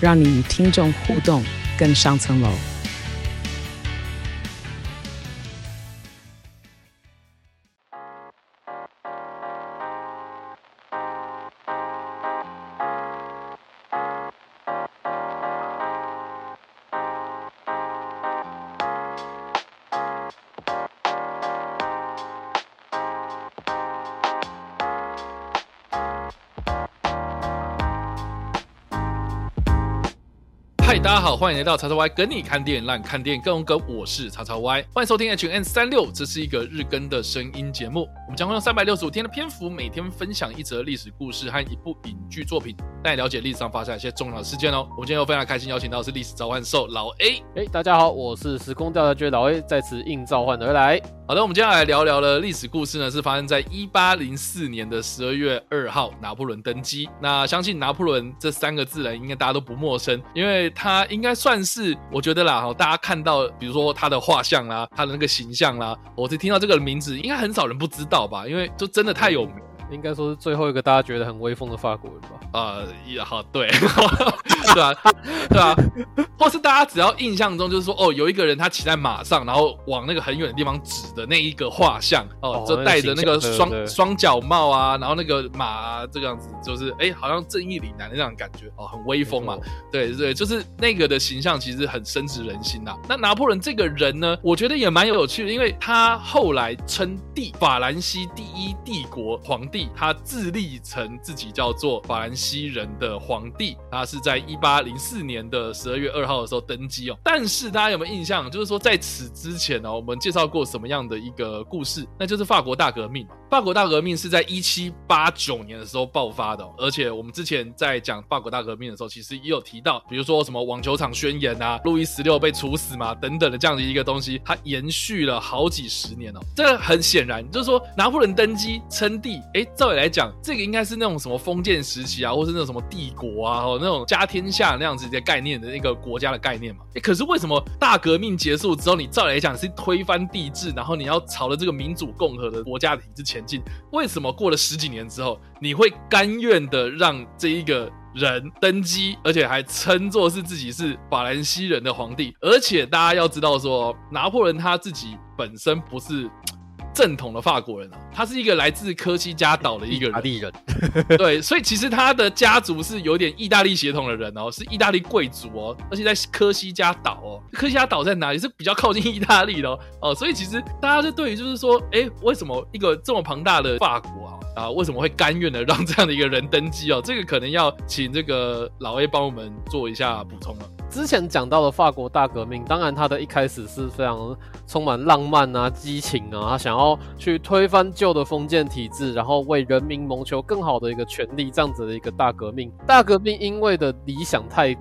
讓你與聽眾互動更上層樓。大家好，歡迎來到 XXY 跟你看電影，讓你看電影更懂梗。我是 XXY，歡迎收聽 H&M 365，這是一個日更的聲音節目。我們將會用三百六十五天的篇幅，每天分享一則歷史故事和一部影劇作品，帶你了解歷史上發生一些重要的事件哦。我們今天又非常開心邀請到的是歷史召喚獸老 A，哎、欸，大家好，我是時空調查局老 A，在此應召喚而來。好的，我們接下來聊聊的歷史故事呢，是發生在一八零四年的十二月二號，拿破崙登基。那相信拿破崙這三個字呢，應該大家都不陌生，因為他應該算是我覺得啦，哈，大家看到比如說他的畫像啦，他的那個形象啦，我只聽到這個名字，應該很少人不知道。好吧，因為就真的太有名。應該說是最後一個大家覺得很威風的法國人吧、呃？啊，也好，對，對吧？對吧？或是大家只要印象中就是說，哦，有一個人他騎在馬上，然後往那個很遠的地方指的那一個畫像，哦，哦就戴着那個雙雙角帽啊，然後那個馬啊，這個樣子，就是哎、欸，好像正義凛然的那種感覺，哦，很威風嘛。錯對，對，就是那個的形象其實很深植人心吶、啊。那拿破崙這個人呢，我覺得也蠻有趣的，因為他後來稱帝，法蘭西第一帝國皇帝。他自立成自己叫做法蘭西人的皇帝，他是在一八零四年的十二月二號的時候登基哦。但是大家有沒有印象？就是說在此之前呢，哦，我們介紹過什麼樣的一個故事？那就是法國大革命。法國大革命是在一七八九年的時候爆發的哦，而且我們之前在講法國大革命的時候，其實也有提到，比如說什麼網球場宣言啊、路易十六被處死嘛等等的這樣的一個東西，它延續了好幾十年哦。這很顯然就是說拿破崙登基稱帝，哎，照理來講，這個應該是那種什麼封建時期啊，或是那種什麼帝國啊，哦那種家天下那樣子的概念的一個國家的概念嘛。哎，可是為什麼大革命結束之後，你照理來講你是推翻帝制，然後你要朝着這個民主共和的國家體制前為什麼過了十幾年之後，你會甘願的讓這一個人登基，而且還稱作是自己是法蘭西人的皇帝？而且大家要知道，說拿破崙他自己本身不是。正統的法國人、喔、他是一個來自科西嘉島的一個人，意大利人。對，所以其實他的家族是有點意大利血統的人哦、喔，是意大利貴族哦、喔，而且在科西嘉島哦，科西嘉島在哪裡是比較靠近意大利的哦、喔，所以其實大家就對於就是說，哎，為什麼一個這麼龐大的法國啊、喔？啊，為什麼會甘願的讓這樣的一個人登基哦？這個可能要請這個老 A 幫我們做一下補充了。之前講到的法國大革命，當然他的一開始是非常充滿浪漫啊、激情啊，他想要去推翻舊的封建體制，然後為人民謀求更好的一個權利，這樣子的一個大革命。大革命因為的理想太。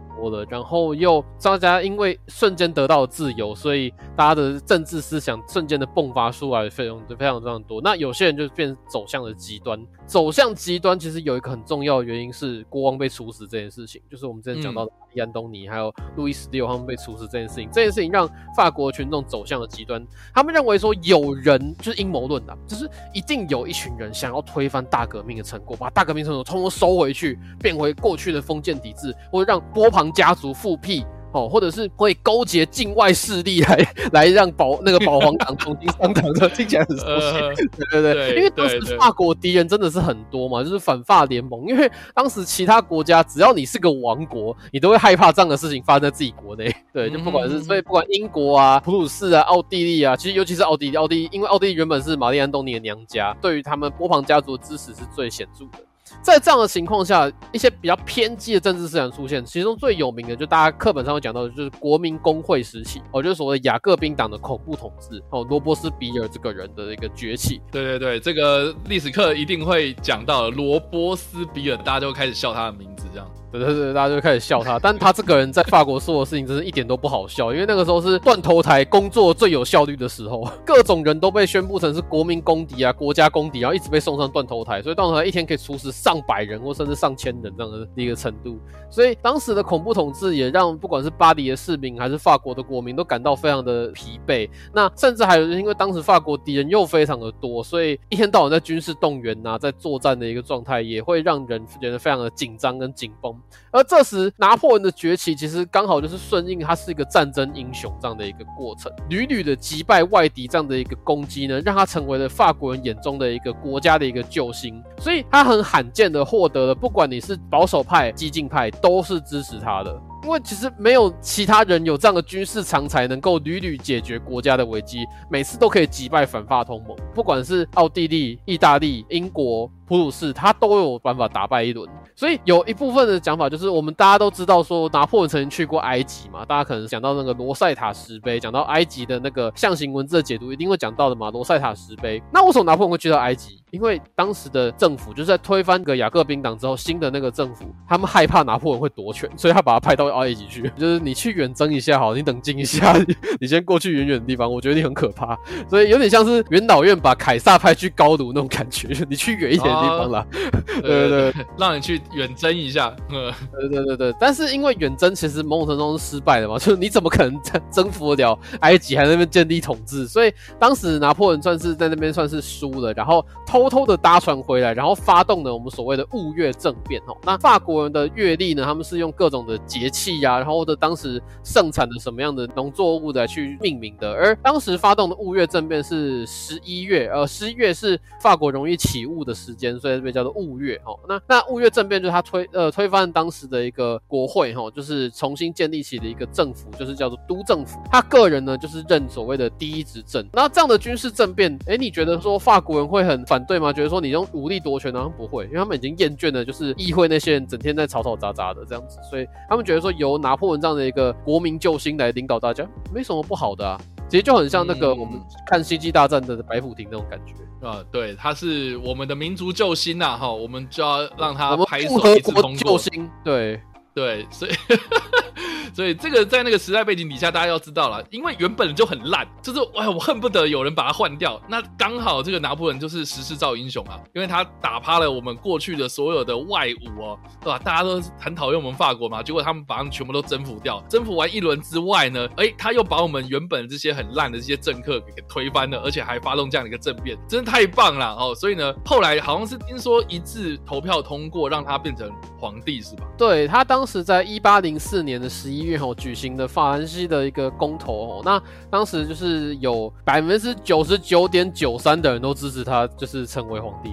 然後又大家因為瞬間得到了自由，所以大家的政治思想瞬間的迸發出來，內容就非常非常多。那有些人就變走向了極端，走向極端其實有一個很重要的原因是國王被處死這件事情，就是我們之前講到的。嗯。安東尼還有路易十六，他們被處死這件事情，這件事情讓法國的群眾走向了極端。他們認為說，有人就是陰謀論的，就是一定有一群人想要推翻大革命的成果，把大革命成果通通收回去，變回過去的封建體制，或者讓波旁家族復辟。哦，或者是會勾結境外勢力來來讓保那個保皇黨重新上台的，聽 起來很熟悉，呃、 對對對，對，因為當時法國的敵人真的是很多嘛，就是反法聯盟，因為當時其他國家對對對，只要你是個王國，你都會害怕這樣的事情發生在自己國內，對，就不管是、嗯、哼所以不管英國啊、普魯士啊、奧地利啊，其實尤其是奧地利，奧地利，因為奧地利原本是瑪麗·安東尼的娘家，對於他們波旁家族的支持是最顯著的。在這樣的情況下，一些比較偏激的政治思想出現，其中最有名的就大家課本上會講到的，就是國民公會時期哦，就是所謂的雅各賓黨的恐怖統治哦，羅伯斯比爾這個人的一個崛起。對對對，這個歷史課一定會講到羅伯斯比爾，大家就會開始笑他的名字這樣。對對對，大家就開始笑他，但他這個人在法國做的事情真是一點都不好笑，因為那個時候是斷頭台工作最有效率的時候，各種人都被宣佈成是國民公敵啊、國家公敵，然後一直被送上斷頭台，所以斷頭台一天可以處死上百人或甚至上千人這樣的一個程度。所以當時的恐怖統治也讓不管是巴黎的市民還是法國的國民都感到非常的疲憊。那甚至還有因為當時法國敵人又非常的多，所以一天到晚在軍事動員啊，在作戰的一個狀態，也會讓人覺得非常的緊張跟緊繃。而這時，拿破崙的崛起其實剛好就是順應他是一個戰爭英雄這樣的一個過程，屢屢的擊敗外敵這樣的一個攻擊呢，讓他成為了法國人眼中的一個國家的一個救星，所以他很罕見的獲得了，不管你是保守派、激進派，都是支持他的。因為其實沒有其他人有這樣的軍事長才，能夠屢屢解決國家的危機，每次都可以擊敗反法同盟。不管是奧地利、意大利、英國、普魯士，他都有辦法打敗一輪。所以有一部分的講法就是，我們大家都知道說，拿破崙曾經去過埃及嘛，大家可能講到那個羅塞塔石碑，講到埃及的那個象形文字的解讀，一定會講到的嘛。羅塞塔石碑，那為什麼拿破崙會去到埃及？因為當時的政府就是在推翻個雅各賓黨之後，新的那個政府他們害怕拿破崙會奪權，所以他把他派到。啊、哦，一起去，就是你去遠征一下好，你冷靜一下，你先過去遠遠的地方。我覺得你很可怕，所以有點像是元老院把凱撒派去高盧那種感覺。你去遠一點的地方啦，對對、啊，讓你去遠征一下。對對對對，但是因為遠征其實某種程度是失敗的嘛，就是你怎麼可能征服得了埃及，還在那邊建立統治？所以當時拿破崙算是在那邊算是輸了，然後偷偷的搭船回來，然後發動了我們所謂的霧月政變。哦，那法國人的閱歷呢？他們是用各種的節氣。氣啊，然後或者當時盛產的什麼樣的農作物來去命名的。而當時發動的霧月政變是十一月，呃，十一月是法國容易起霧的時間，所以這邊叫做霧月。哦。那那霧月政變就是他推呃推翻當時的一個國會，哈、哦，就是重新建立起了一個政府，就是叫做督政府。他個人呢就是任所謂的第一執政。那這樣的軍事政變，哎，你覺得說法國人會很反對嗎？覺得說你用武力奪權呢。然後不會，因為他們已經厭倦了，就是議會那些人整天在吵吵雜雜的這樣子，所以他們覺得說。由拿破崙這樣的一個國民救星來領導大家，沒什麼不好的啊，其實就很像那個我們看《星際大戰》的白卜庭那種感覺、嗯、啊。對，他是我們的民族救星啊，哈，我們就要讓他拍手民族救星，對對，所以。 所以這個在那個時代背景底下，大家要知道了，因為原本就很爛，就是哎，我恨不得有人把它換掉。那剛好這個拿破崙就是時勢造英雄啊，因為他打趴了我們過去的所有的外侮哦，對吧？大家都很討厭我們法國嘛，結果他們把他們全部都征服掉。征服完一輪之外呢，哎，他又把我們原本的這些很爛的這些政客給，給推翻了，而且還發動這樣的一個政變，真的太棒了哦。所以呢，後來好像是聽說一致投票通過，讓他變成皇帝是吧？對，他當時在一八零四年的十一。一月哦，舉行的法蘭西的一個公投哦，那當時就是有百分之九十九點九三的人都支持他，就是成為皇帝。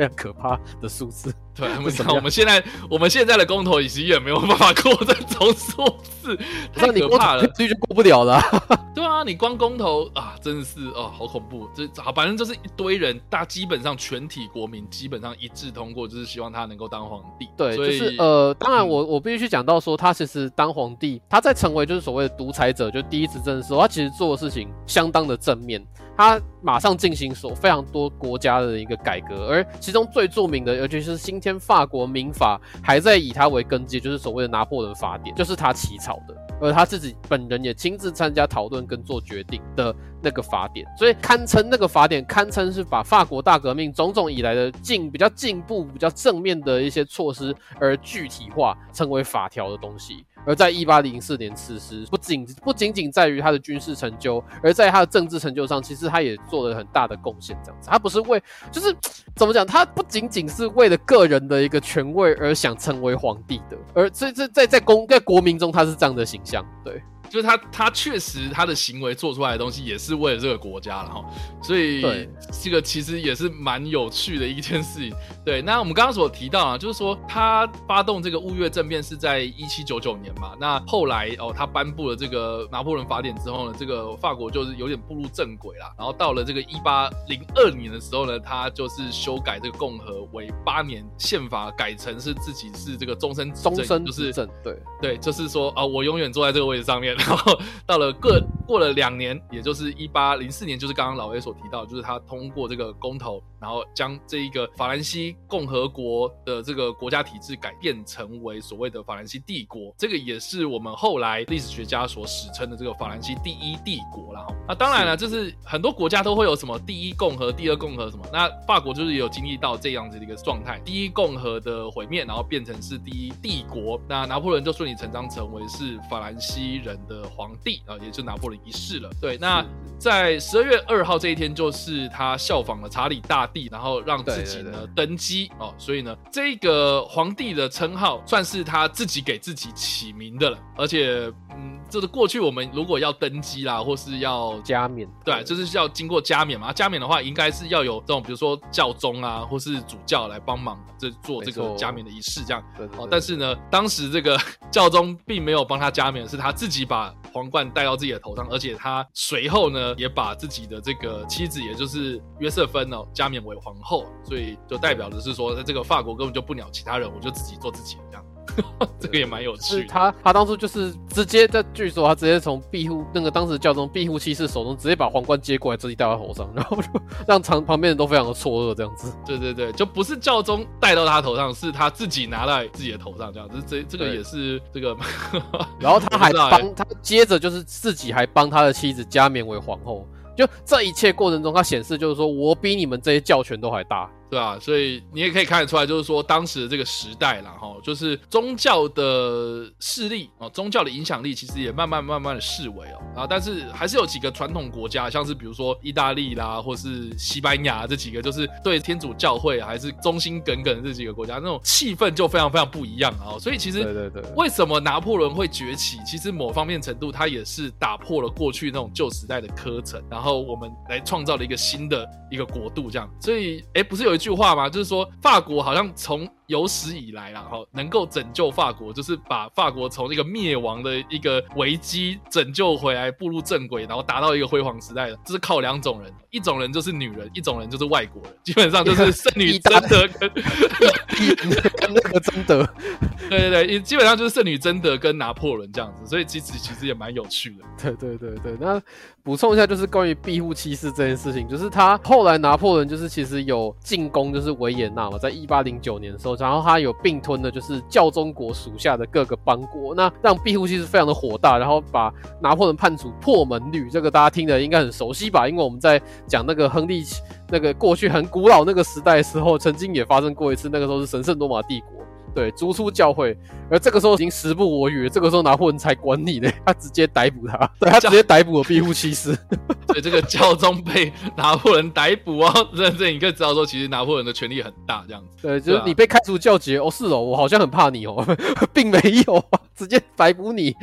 那可怕的數字，對，我們看我們現在，我們現在的公投已經遠沒有辦法過這種數字，太可怕了，所以就過不了了，啊。對啊，你光公投啊，真的是哦，啊，好恐怖，這咋，啊，反正就是一堆人，大基本上全體國民基本上一致通過，就是希望他能夠當皇帝。對，所以就是呃，當然我我必須去講到說，他其實當皇帝，他在成為就是所謂的獨裁者，就第一執政，他其實做的事情相當的正面。他馬上進行所非常多國家的一個改革，而其中最著名的，尤其是今天法國民法，還在以它為根基，就是所謂的拿破崙法典，就是他起草的，而他自己本人也親自參加討論跟做決定的那個法典，所以堪稱那個法典，堪稱是把法國大革命種種以來的進比較進步、比較正面的一些措施而具體化，成為法條的東西。而在一八零四年此時不僅不僅僅在於他的軍事成就，而在他的政治成就上，其實他也做了很大的貢獻。這樣子，他不是為，就是怎麼講，他不僅僅是為了個人的一個權位而想成為皇帝的，而所以在在在公在國民中，他是這樣的形象，對。就是他，他確實他的行為做出來的東西也是為了這個國家。然後，所以這個其實也是蠻有趣的一件事情。對，那我們剛剛所提到啊，就是說他發動這個霧月政變是在一七九九年嘛。那後來哦，他頒布了這個拿破崙法典之後呢，這個法國就是有點步入正軌了。然後到了這個一八零二年的時候呢，他就是修改這個共和為八年憲法，改成是自己是這個終身終身就是對對，就是說啊、哦，我永遠坐在這個位置上面。然後到了各，過了兩年，也就是一八零四年，就是剛剛老 A 所提到，就是他通過這個公投，然後將這一個法蘭西共和國的這個國家體制改變成為所謂的法蘭西帝國。這個也是我們後來歷史學家所史稱的這個法蘭西第一帝國啦。然後那當然了，是就是很多國家都會有什麼第一共和、第二共和什麼。那法國就是也有經歷到這樣子的一個狀態，第一共和的毀滅，然後變成是第一帝國。那拿破崙就順理成章成為是法蘭西人的皇帝啊，也就拿破崙一世了。對，那在十二月二號這一天，就是他效仿了查理大帝，然後讓自己呢，對對對對，登基哦，所以呢，這個皇帝的稱號算是他自己給自己起名的了，而且嗯。就是過去我們如果要登基啦，或是要加冕，對，對啊，就是要經過加冕嘛。加冕的話，應該是要有這種，比如說教宗啊，或是主教來幫忙這做這個加冕的儀式，這樣。哦，對對對，但是呢，當時這個教宗並沒有幫他加冕，是他自己把皇冠戴到自己的頭上，而且他隨後呢，也把自己的這個妻子，也就是約瑟芬呢，哦，加冕為皇後。所以就代表的是說，在這個法國根本就不鳥其他人，我就自己做自己這樣。 這個也蠻有趣的，就是、他他當初就是直接在，據說他直接從庇護那個當時教宗庇護七世手中直接把皇冠接過來，自己戴在頭上，然後就讓旁旁邊人都非常的錯愕這樣子。對對對，就不是教宗戴到他頭上，是他自己拿在自己的頭上這樣子，這這這個也是對這個。 然後他還幫他接着就是自己還幫他的妻子加冕為皇後，就這一切過程中，他顯示就是說我比你們這些教權都還大。對啊，所以你也可以看得出來，就是說當時的這個時代啦，哈、哦，就是宗教的勢力啊、哦，宗教的影響力其實也慢慢慢慢的式微哦。啊，但是還是有幾個傳統國家，像是比如說意大利啦，或是西班牙這幾個，就是對天主教會還是忠心耿耿的這幾個國家，那種氣氛就非常非常不一樣啊、哦。所以其實對對對，為什麼拿破崙會崛起？其實某方面程度，他也是打破了過去那種舊時代的科層，然後我們來創造了一個新的一個國度這樣。所以哎，不是有。一句話嘛，就是說，法國好像從有史以來啊，哈，能夠拯救法國，就是把法國從一個滅亡的一個危機拯救回來，步入正軌，然後達到一個輝煌時代的，就是靠兩種人，一種人就是女人，一種人就是外國人，基本上就是剩女真的跟。大 跟那個貞德， 對對對，基本上就是聖女貞德跟拿破崙這樣子，所以其實其實也蠻有趣的。對對對對，那補充一下，就是關於庇護七世這件事情，就是他後來拿破崙就是其實有進攻，就是維也納嘛，在一八零九年的時候，然後他有併吞了就是教宗國屬下的各個邦國，那讓庇護七世非常的火大，然後把拿破崙判處破門律，這個大家聽的應該很熟悉吧？因為我們在講那個亨利。那個過去很古老那個時代的時候，曾經也發生過一次。那個時候是神聖羅馬帝國。對，逐出教會，而這個時候已經時不我與，這個時候拿破崙才管你呢，他直接逮捕他，對他直接逮捕我庇護七世，教 對，這個教宗被拿破崙逮捕啊，這你可以知道說其實拿破崙的權力很大，這樣子。對，就是你被開除教籍、啊、哦，是哦，我好像很怕你哦，並沒有，直接逮捕你，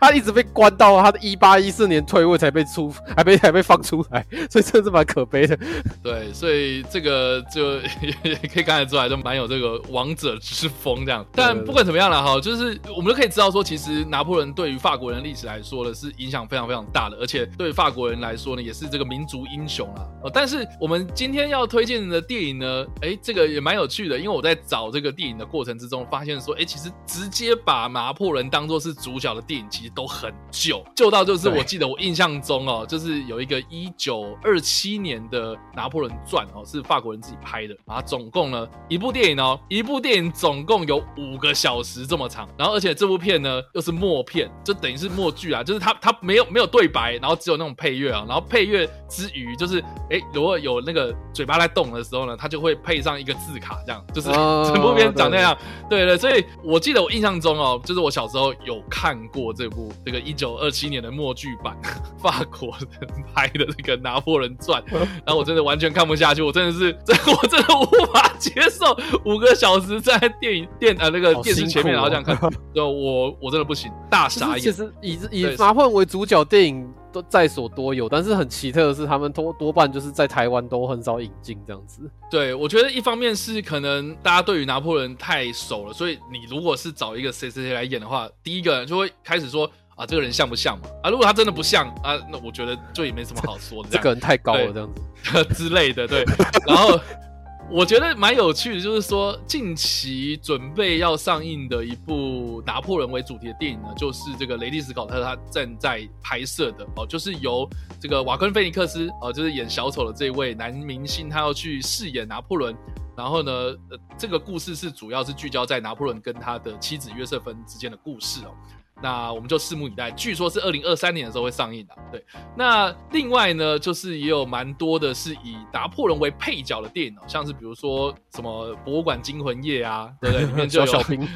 他一直被關到他的一八一四年退位才被出，還被才被放出來，所以這是蠻可悲的。對，所以這個就也可以看得出來，就蠻有這個王者之瘋這樣，但不管怎麼樣了、啊、哈，就是我們都可以知道說，其實拿破崙對於法國人歷史來說呢，是影響非常非常大的，而且對於法國人來說呢，也是這個民族英雄啊。哦，但是我們今天要推薦的電影呢，哎，這個也蠻有趣的，因為我在找這個電影的過程之中，發現說，哎，其實直接把拿破崙當做是主角的電影，其實都很舊，舊到就是我記得我印象中哦，對就是有一個一九二七年的《拿破崙傳》哦，是法國人自己拍的啊，總共呢一部電影哦，一部電影總共有五個小時這麼長，然後而且這部片呢又是默片，就等於是默劇啊，就是它它沒有沒有對白，然後只有那種配樂啊，然後配樂之餘就是哎、欸、如果有那個嘴巴在動的時候呢，它就會配上一個字卡，這樣就是整、啊、部片長這那樣、啊，對對，對，對了，所以我記得我印象中哦，就是我小時候有看過這部這個一九二七年的默劇版法國人拍的這個拿破崙傳，啊、然後我真的完全看不下去，我真的是我我真的無法接受五個小時在電影。電呃那個電視前面好像、哦、看，就我我真的不行。大傻眼。其實以對以拿破崙為主角電影都在所多有，但是很奇特的是，他們多多半就是在台灣都很少引進這樣子。對，我覺得一方面是可能大家對於拿破崙太熟了，所以你如果是找一個誰誰誰來演的話，第一個人就會開始說啊，這個人像不像嘛？啊，如果他真的不像、嗯、啊，那我覺得就也沒什麼好說的，這個人太高了這樣子對 之類的，對， 然後。我覺得蠻有趣的，就是說近期準備要上映的一部拿破崙為主題的電影呢，就是這個雷利斯考特他正在拍攝的哦，就是由這個瓦昆菲尼克斯哦，就是演小丑的這一位男明星，他要去飾演拿破崙，然後呢，呃，這個故事是主要是聚焦在拿破崙跟他的妻子約瑟芬之間的故事哦。那我們就拭目以待，據說是二零二三年的時候會上映的啊。對，那另外呢，就是也有蠻多的是以拿破崙為配角的電影，像是比如說什麼《博物館驚魂夜》啊，對不對？裡面就有。小小兵。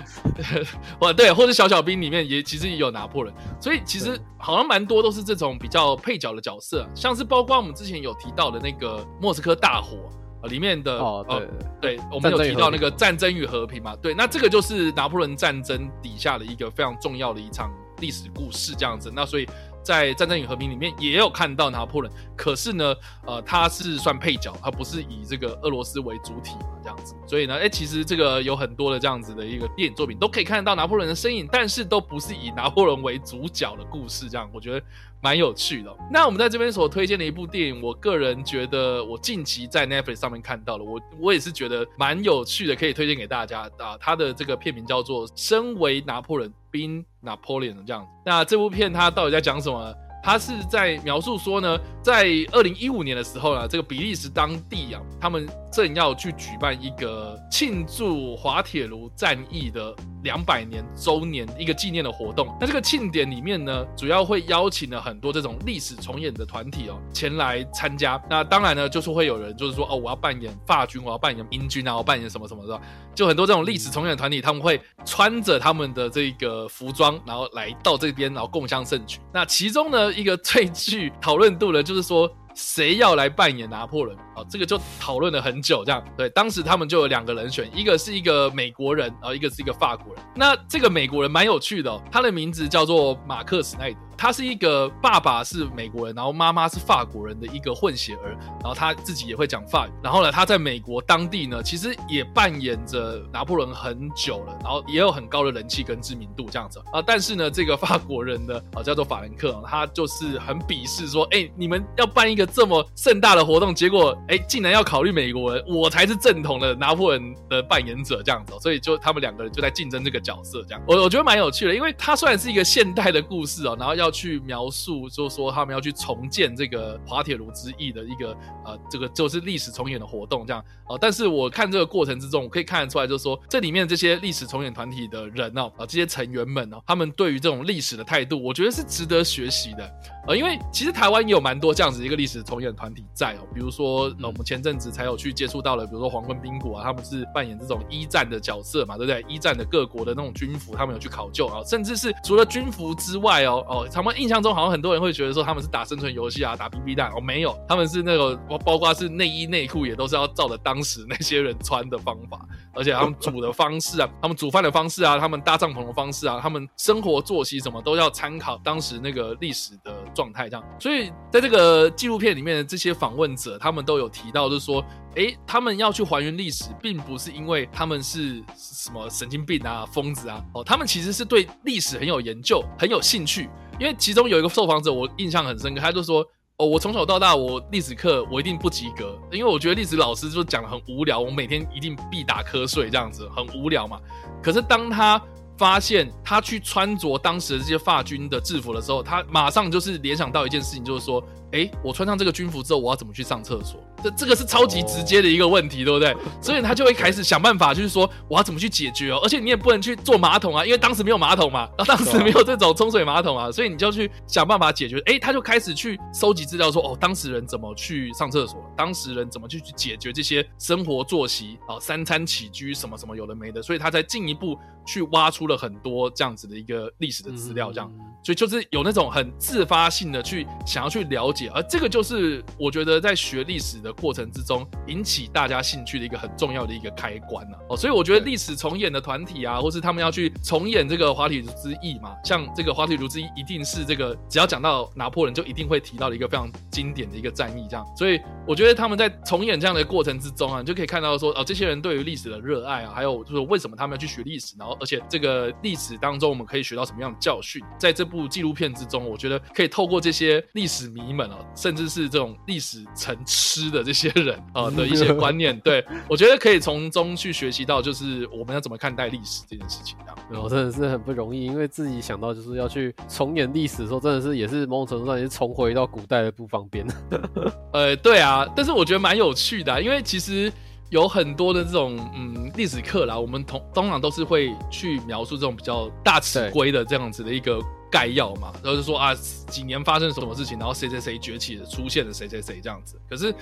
哦， 對，或者《小小兵》裡面也其實也有拿破崙，所以其實好像蠻多都是這種比較配角的角色啊，像是包括我們之前有提到的那個莫斯科大火啊。裡面的呃，對，我們有提到那個《戰爭與和平》嘛？對，那這個就是拿破崙戰爭底下的一個非常重要的一場歷史故事這樣子。那所以在《戰爭與和平》裡面也有看到拿破崙，可是呢，呃，他是算配角，他不是以這個俄羅斯為主體嘛，這樣子。所以呢，誒，其實這個有很多的這樣子的一個電影作品都可以看得到拿破崙的身影，但是都不是以拿破崙為主角的故事。這樣，我覺得。蠻有趣的哦。那我們在這邊所推薦的一部電影，我個人覺得我近期在 Netflix 上面看到了，我我也是覺得蠻有趣的，可以推薦給大家啊。他的這個片名叫做《身為拿破崙》Being Napoleon 這樣子。那這部片它到底在講什麼？他是在描述說呢，在二零一五年的時候呢，啊，這個比利時當地啊，他們正要去舉辦一個慶祝滑鐵盧戰役的兩百年周年一個紀念的活動。那這個慶典裡面呢，主要會邀請了很多這種歷史重演的團體哦前來參加。那當然呢，就是會有人就是說哦，我要扮演法軍，我要扮演英軍啊，我扮演什麼什麼的，就很多這種歷史重演的團體他們會穿着他們的這個服裝，然後來到這邊，然後共襄盛舉。那其中呢？一個最具討論度的，就是說誰要來扮演拿破崙啊、哦，這個就討論了很久，這樣對。當時他們就有兩個人選，一個是一個美國人，然後、哦、一個是一個法國人。那這個美國人蠻有趣的、哦，他的名字叫做馬克·施耐德。他是一個爸爸是美國人，然後媽媽是法國人的一個混血兒，然後他自己也會講法語。然後呢，他在美國當地呢，其實也扮演着拿破崙很久了，然後也有很高的人氣跟知名度這樣子啊。但是呢，這個法國人的啊叫做法蘭克、啊，他就是很鄙視說：“哎、欸，你們要辦一個這麼盛大的活動，結果哎、欸，竟然要考慮美國人，我才是正統的拿破崙的扮演者這樣子。”所以就他們兩個人就在競爭這個角色這樣。我我覺得蠻有趣的，因為他雖然是一個現代的故事哦、啊，然後要去描述，就是說他們要去重建這個滑鐵盧之役的一個呃，這個就是歷史重演的活動這樣啊、呃。但是我看這個過程之中，我可以看得出來，就是說這裡面這些歷史重演團體的人哦啊，這些成員們哦、呃，他們對於這種歷史的態度，我覺得是值得學習的啊、呃。因為其實台灣也有蠻多這樣子一個歷史重演團體在哦、呃，比如說我們前陣子才有去接觸到了，比如說黃昏冰谷啊，他們是扮演這種一戰的角色嘛，對不對？一戰的各國的那種軍服，他們有去考究啊、呃，甚至是除了軍服之外哦哦，他們我們印象中好像很多人會覺得說他們是打生存遊戲啊，打 BB 彈哦，沒有，他們是那個包括是內衣內褲也都是要照着當時那些人穿的方法，而且他們煮的方式啊， 他們煮飯的方式啊，他們搭帳篷的方式啊，他們生活作息什麼都要參考當時那個歷史的狀態這樣。所以在這個紀錄片裡面的，這些訪問者他們都有提到，就是說，哎、欸，他們要去還原歷史，並不是因為他們是什麼神經病啊、瘋子啊，哦，他們其實是對歷史很有研究、很有興趣。因為其中有一個受訪者，我印象很深刻，他就說：“哦，我從小到大，我歷史課我一定不及格，因為我覺得歷史老師就講的很無聊，我每天一定必打瞌睡，這樣子很無聊嘛。可是當他發現他去穿着當時的這些法軍的制服的時候，他馬上就是聯想到一件事情，就是說。”哎，我穿上這個軍服之後，我要怎麼去上廁所？這這個是超級直接的一個問題，哦、對不對？所以他就會開始想辦法，就是說我要怎麼去解決哦。而且你也不能去坐馬桶啊，因為當時沒有馬桶嘛，然後當時沒有這種沖水馬桶啊，啊所以你就要去想辦法解決。哎，他就開始去收集資料說，說哦，當時人怎麼去上廁所？當時人怎麼去去解決這些生活作息啊、哦，三餐起居什麼什麼有的沒的。所以他才進一步去挖出了很多這樣子的一個歷史的資料，這樣。嗯、所以就是有那種很自發性的去想要去了解。而這個就是我覺得在學歷史的過程之中，引起大家興趣的一個很重要的一個開關啊哦。所以我覺得歷史重演的團體啊，或是他們要去重演這個滑鐵盧之役嘛，像這個滑鐵盧之役一定是這個只要講到拿破崙就一定會提到的一個非常經典的一個戰役。這樣，所以我覺得他們在重演這樣的過程之中啊，你就可以看到說哦，這些人對於歷史的熱愛啊，還有就是為什麼他們要去學歷史，然後而且這個歷史當中我們可以學到什麼樣的教訓。在這部紀錄片之中，我覺得可以透過這些歷史迷們啊。甚至是這種歷史成癡的這些人是的啊的一些觀念，對 我覺得可以從中去學習到，就是我們要怎麼看待歷史這件事情啊。然後真的是很不容易，因為自己想到就是要去重演歷史的時候，真的是也是某種程度上也是重回到古代的不方便。 呃，對啊，但是我覺得蠻有趣的啊，因為其實有很多的這種嗯歷史課啦，我們同通常都是會去描述這種比較大尺規的這樣子的一個。概要嘛，然後就是、說啊，幾年發生什麼事情，然後誰誰誰崛起了，出現了誰誰誰這樣子。可是，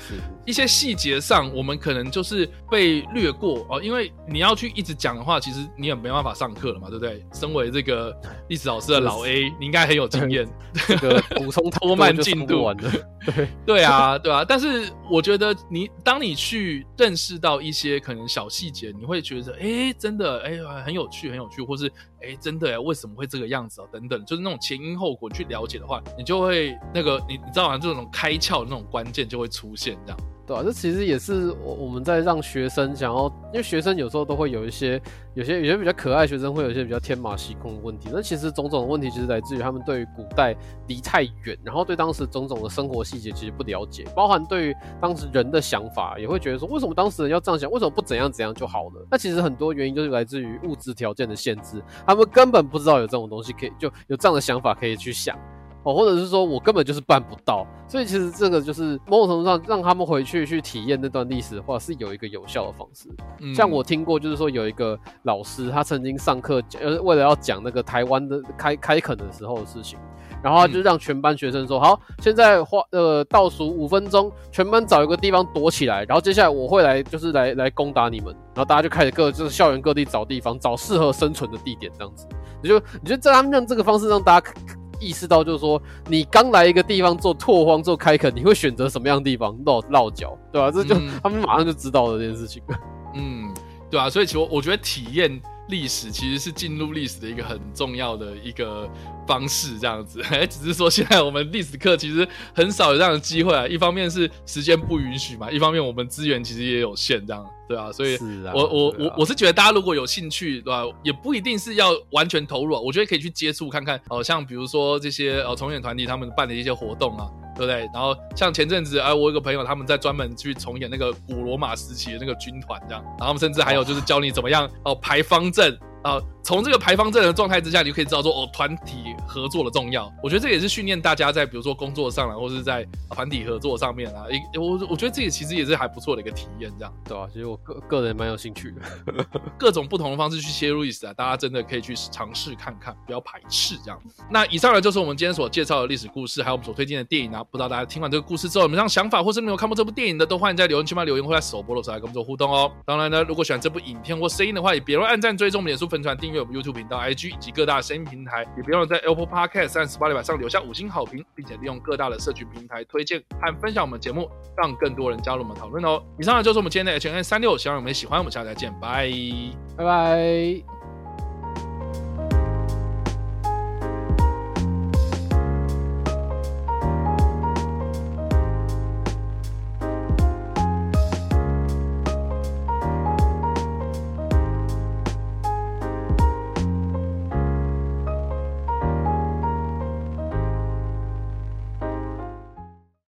一些細節上，我們可能就是被略過哦，因為你要去一直講的話，其實你也沒辦法上課了嘛，對不對？身為這個歷史老師的老 A，是，是你應該很有經驗，補、嗯這個、充拖 慢進度。對對啊，對啊。但是我覺得你，你當你去認識到一些可能小細節，你會覺得，哎、欸，真的，哎、欸、呀，很有趣，很有趣，或是，哎、欸，真的呀，為什麼會這個樣子啊？等等，就是。那種前因後果去了解的話，你就會那個，你你知道嗎？這種開竅的那種關鍵就會出現，這樣。對啊，這其實也是我我們在讓學生想要，因為學生有時候都會有一些，有些有些比較可愛的學生會有一些比較天馬行空的問題。那其實種種的問題其實來自於他們對於古代離太遠，然後對當時種種的生活細節其實不了解，包含對於當時人的想法，也會覺得說為什麼當時人要這樣想，為什麼不怎樣怎樣就好了？那其實很多原因就是來自於物質條件的限制，他們根本不知道有這種東西可以，就有這樣的想法可以去想。哦，或者是說我根本就是辦不到，所以其實這個就是某種程度上讓他們回去去體驗那段歷史的話，是有一個有效的方式。嗯。像我聽過，就是說有一個老師，他曾經上課呃，為了要講那個台灣的開開墾的時候的事情，然後他就讓全班學生說：“嗯、好，現在花呃倒數五分鐘，全班找一個地方躲起來，然後接下來我會來，就是來來攻打你們。”然後大家就開始各就是校園各地找地方，找適合生存的地點，這樣子。你就你就在他們用這個方式讓大家？呵呵意識到就是說，你剛來一個地方做拓荒、做開墾，你會選擇什麼樣的地方落落腳，對吧、啊？這就、嗯、他們馬上就知道了這件事情。嗯，對啊，所以其實我覺得體驗歷史其實是進入歷史的一個很重要的一個方式，這樣子。哎，只是說現在我們歷史課其實很少有這樣的機會啊，一方面是時間不允許嘛，一方面我們資源其實也有限，這樣。對啊，所以，我我我我是覺得大家如果有興趣，對吧？也不一定是要完全投入啊。我覺得可以去接觸看看，哦，像比如說這些呃重演團體他們辦的一些活動啊，對不對？然後像前陣子，哎，我有個朋友他們在專門去重演那個古羅馬時期的那個軍團，這樣，然後他們甚至還有就是教你怎麼樣哦排方陣。啊，從、呃、這個排方陣的狀態之下，你就可以知道說哦，團體合作的重要。我覺得這也是訓練大家在比如說工作上啦，或是在團體合作上面啊。一、欸、我我覺得這個其實也是還不錯的一個體驗，這樣。對吧、啊、其實我個個人蠻有興趣的， 各種不同的方式去切入歷史啊，大家真的可以去嘗試看看，不要排斥這樣。那以上呢就是我們今天所介紹的歷史故事，還有我們所推薦的電影啊。不知道大家聽完這個故事之後有什麼想法，或是沒有看過這部電影的，都歡迎在留言區嗎留言，或者在首播的時候來跟我們做互動哦。當然呢，如果喜歡這部影片或聲音的話，也別忘按贊、追蹤我們臉書、分享訂閱我們 YouTube 頻道、IG 以及各大聲音平台，也別忘了在 Apple Podcast 和 Spotify 上留下五星好評，並且利用各大的社群平台推薦和分享我們的節目，讓更多人加入我們討論哦。以上呢就是我們今天的 H&M 365，36, 希望你們喜歡，我們下次再見，拜拜拜。Bye bye